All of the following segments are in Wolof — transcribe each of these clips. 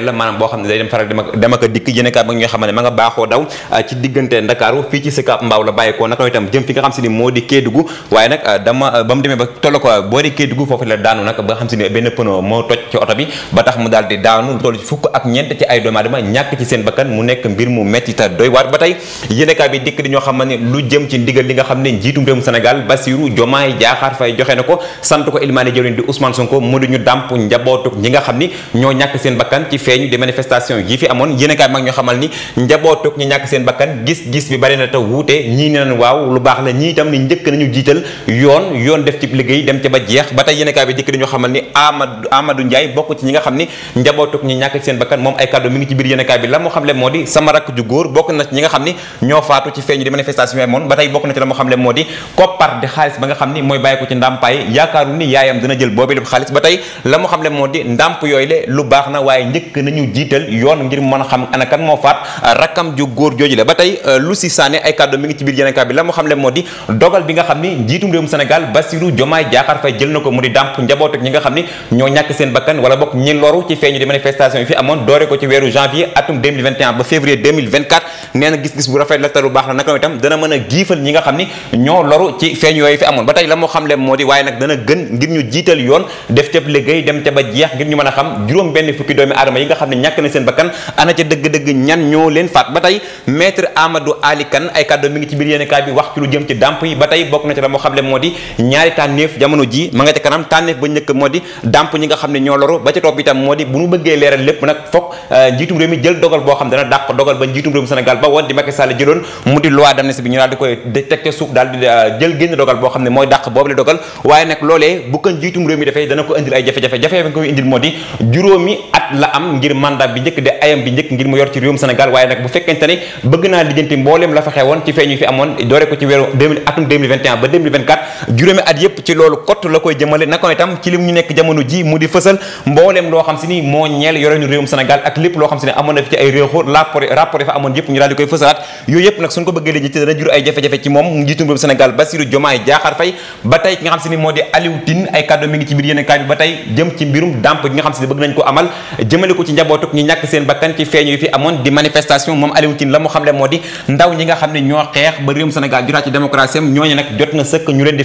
ñaareel la maanaam boo xam ne day dem faral dem a dikk yéenekaay ba nga xam ne ma nga baaxoo daw ah, ci diggante Ndakaaru fii ci Sicap Mbao ah, dama ah, ba mu demee ba toll ko boo di Kédougou foofu la daanu nag ba nga xam ne lu jëm ci ndigal li nga xam ne njiitum réewum Sénégal Bassirou Diomaye Diakhar Faye joxe na ko sant ko ilmaane jëwriñ di Ousmane Sonko mu di ñu dàmp njabootuk ñi nga xam ni ñoo ñàkk seen bakkan ci feeñ di manifestation yi fi amoon yéen a kaay mag ñu xamal ni njabootug ñu ñàkk seen bakkan gis-gis bi bari na te wuute ñii ne waaw lu baax la ñii itam ni njëkk nañu jiital yoon yoon def ci liggéey dem ci ba jeex ba tey yéen a kaay bi dikk dañu xamal ni Amadou Amadou bokk ci ñi nga xam ni njabootug ñu ñàkk seen bakkan moom ay kàddu mi ngi ci biir yéen bi la mu xam le moo di sama rakk ju góor bokk na ci ñi nga xam ni ñoo faatu ci feeñ di manifestation ba tey bokk na ci que nañu jiital yoon ngir mën xam ana moo faat euh, rakkam ju góor jooju la ba tey euh, lu si ay kàddu mi bi nga xam ni njiitum réewum Sénégal Bassirou Diomaye Diakhar Faye jël na ko mu di dàmp njaboot ak ñi nga xam ni ñoo loru ci feeñ yooyu fi amoon ba tey la moo xam le moo di waaye nag dana gën ngir ñu jiital yoon def ca liggéey dem ca ba jeex ngir ñu mën a xam juróom benn fukki doomi aadama yi nga xam ne ñàkk nañ seen bakkan ana ca dëgg-dëgg ñan ñoo leen faat ba tey maître Amadou Ali Kane ay kàddu mi ngi ci biir yéenekaay bi wax ci lu jëm ci dàmp yi ba tey bokk na ne moo di ñaari tànneef jamono ji ma ca kanam ne ñoo euh, boo xam dana dàq ba ba woon di Macky bi ñu daal di koy teg ca suuf daal di euh, jël génn dogal boo xam ne mooy dàq boobu la dogal waaye nag loolee bu ko njiitum réew mi defee dana ko indil ay jafe-jafe jafe-jafe koy indil moo di la am ngir mandat bi njëkk de ayam bi njëkk ngir mu yor ci réewum Sénégal waaye nag bu fekkente ne bëgg naa lijjanti mbooleem la fa xewoon ci feeñ fi amoon doore ko ci weeru 2000 atum 2021 ba 2024 juróomi at yëpp ci loolu kott la koy jëmale na ko itam ci lim ñu nekk jamono ji mu di fësal mbooleem loo xam si ni moo ñeel yoreenu réewum Sénégal ak lépp loo xam si ne amoon na fi ci ay réexoo rapport rapport fa amoon yëpp ñu di koy ay jafe-jafe ngi ci biir yéen kaay bi ba tey jëm ci mbirum damp gi nga xam si ni bëgg nañ ko amal jëmale ko ci njabootuk ñu ñàkk seen bakkan ci feeñ fi amoon di manifestation moom Aliou la mu xam moo di ndaw ñi nga xam ne ñoo xeex ba réewum Sénégal juraat ci démocratie am nag jot na ñu leen di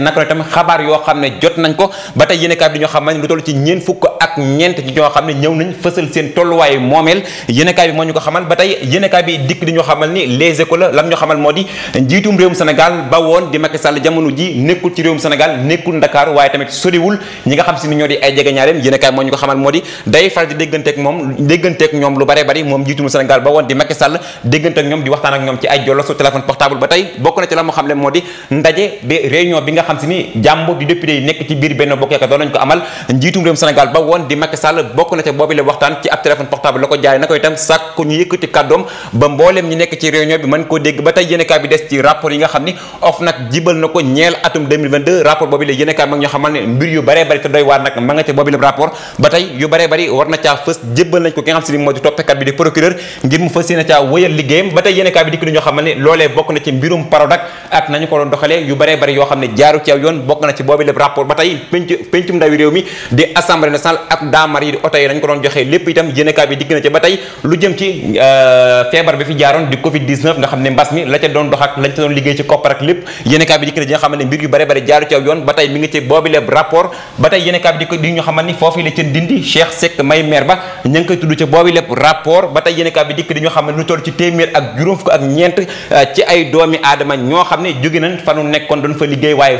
naka la tamit xabaar yoo xam ne jot nañ ko ba tey yéenekaay bi di ñoo xamal lu toll ci ñeent fukk ak ñeent ñoo xam ne ñëw nañ fësal seen tolluwaayu moomeel yéenekaay bi moo ñu ko xamal ba tey yéenekaay bi dikk di ñoo xamal ni les écoles lam ñoo ba woon di Macky Sall jamono ji nekkul ci réewum Sénégal nekkul Ndakaaru waaye tamit soriwul nga xam si ni ñoo di ay jege ñaareem yéenekaay moo ñu ko xamal moo di day faral di dégganteek moom dégganteek ñoom lu bare bari moom njiitum Sénégal ba woon di Macky Sall waxtaan ak ñoom ci ay jollosu téléphone portable ba tey bokk na ci la moo xam ne moo di ndaje bi réunion bi nga xam ne mbir yu baree bari te doy waar nag ma nga ca boobu rapport ba tey yu baree bari war na caa fës jébbal nañ ko ki xam si ni moo di toppekat bi di procureur ngir mu fës yéena caa wëyal liggéeyam ba tey yéenekaay bi dikk ñu xamal ne loolee bokk na ci mbirum Prodac ak nañu ko doxalee yu baree bari yoo xam ne jaaru ci aw yoon bokk ba tey penc pencum ndawi réew mi di assemblée nationale ak daamar yi di oto yi nañ ko doon joxee lépp itam yéenekaay bi dikk na ci ay doomi aadama ñoo xam ne jóge nañ fa nu nekkoon doon fa liggéey waaye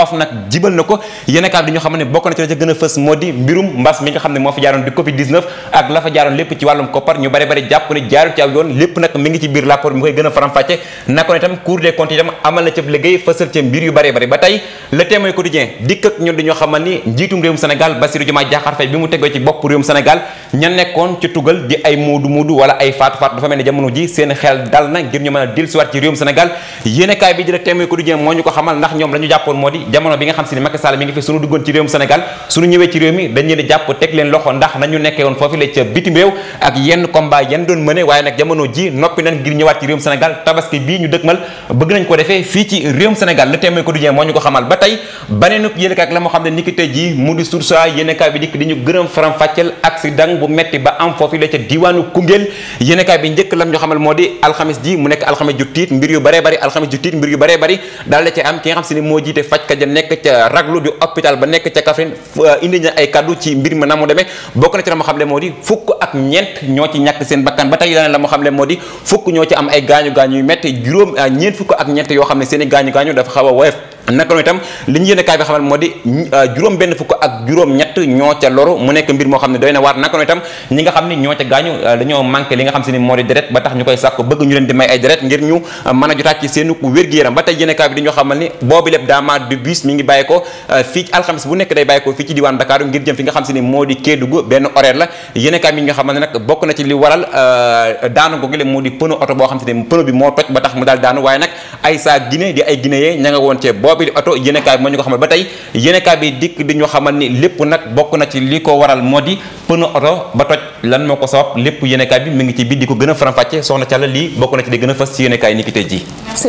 of nag jibal na ko yéen kaab ñu xam ne bokk na ci la ca gën a fës moo mbirum mbas mi nga xam ne moo fa jaaroon di covid 19 ak la jaaroon lépp ci wàllum koppar ñu bare bare jàpp a ni njiitum ci bopp ay moodu moodu wala ay faatu faatu dafa mel ne jamono ji seen xel dal na ngir ñu mën a dellusiwaat ci réewum Sénégal yéenekaay bi di le témoin quotidien moo ñu ko xamal ndax ñoom la jàppoon moo jamono bi nga xam si ne Macky Sall mi ngi fi suñu duggoon ci réewum Sénégal suñu ñëwee ci réew mi dañ leen jàpp teg leen loxo ndax nañu nekkee woon foofu la ca réew ak yenn tabaski bii ñu dëgmal bëgg nañ ko defee fii ci réewum Sénégal le témoin quotidien moo ñu ko xamal ba tey baneen yéen ak la moo xam ne ni ki tey ji mu di source yéen kaay bi dikk di ñu gërëm faram fàcceel accident bu metti ba am foofu la ci am ki nga ja nekk ca raglu du hôpital ba nekk ca Kaffrine euh, indi ña ay kaddu ci mbir mi na mu demee bokk na ci la ma xam ne moo di fukk ak ñeent ñoo ci ñàkk seen bakkan ba tey leneen la ma xam ne moo di fukk ñoo ci am ay gaañu gaañu yu métti juróom euh, ñeent fukk ak ñeent yoo xam ne seeni i gaañu gaañu dafa xaw a woyof naka noonu itam li ñu yéene kaay bi xamal moo di euh, juróom benn fukk ak juróom ñett ñoo ca loru mu nekk mbir moo xam ne doy na waar naka noonu itam ñi nga xam ni ñoo ca gaañu euh, dañoo manqué li nga xam si euh, ni moo waaye nag ay saa Guinée di ay Guinéen ña woon cee boobu bi di oto yéenekaay bi moo ñu ko xamal ba tey yéenekaay bi dikk di ñu xamal ni lépp nag bokk na ci li ko waral moo di pneu oto ba toj lan moo ko sabab lépp yéenekaay bi mu ngi ci biir di ko gën a faram-fàcce soxna Thiala lii bokk na ci di gën a fës ci yéenekaay ni ki ji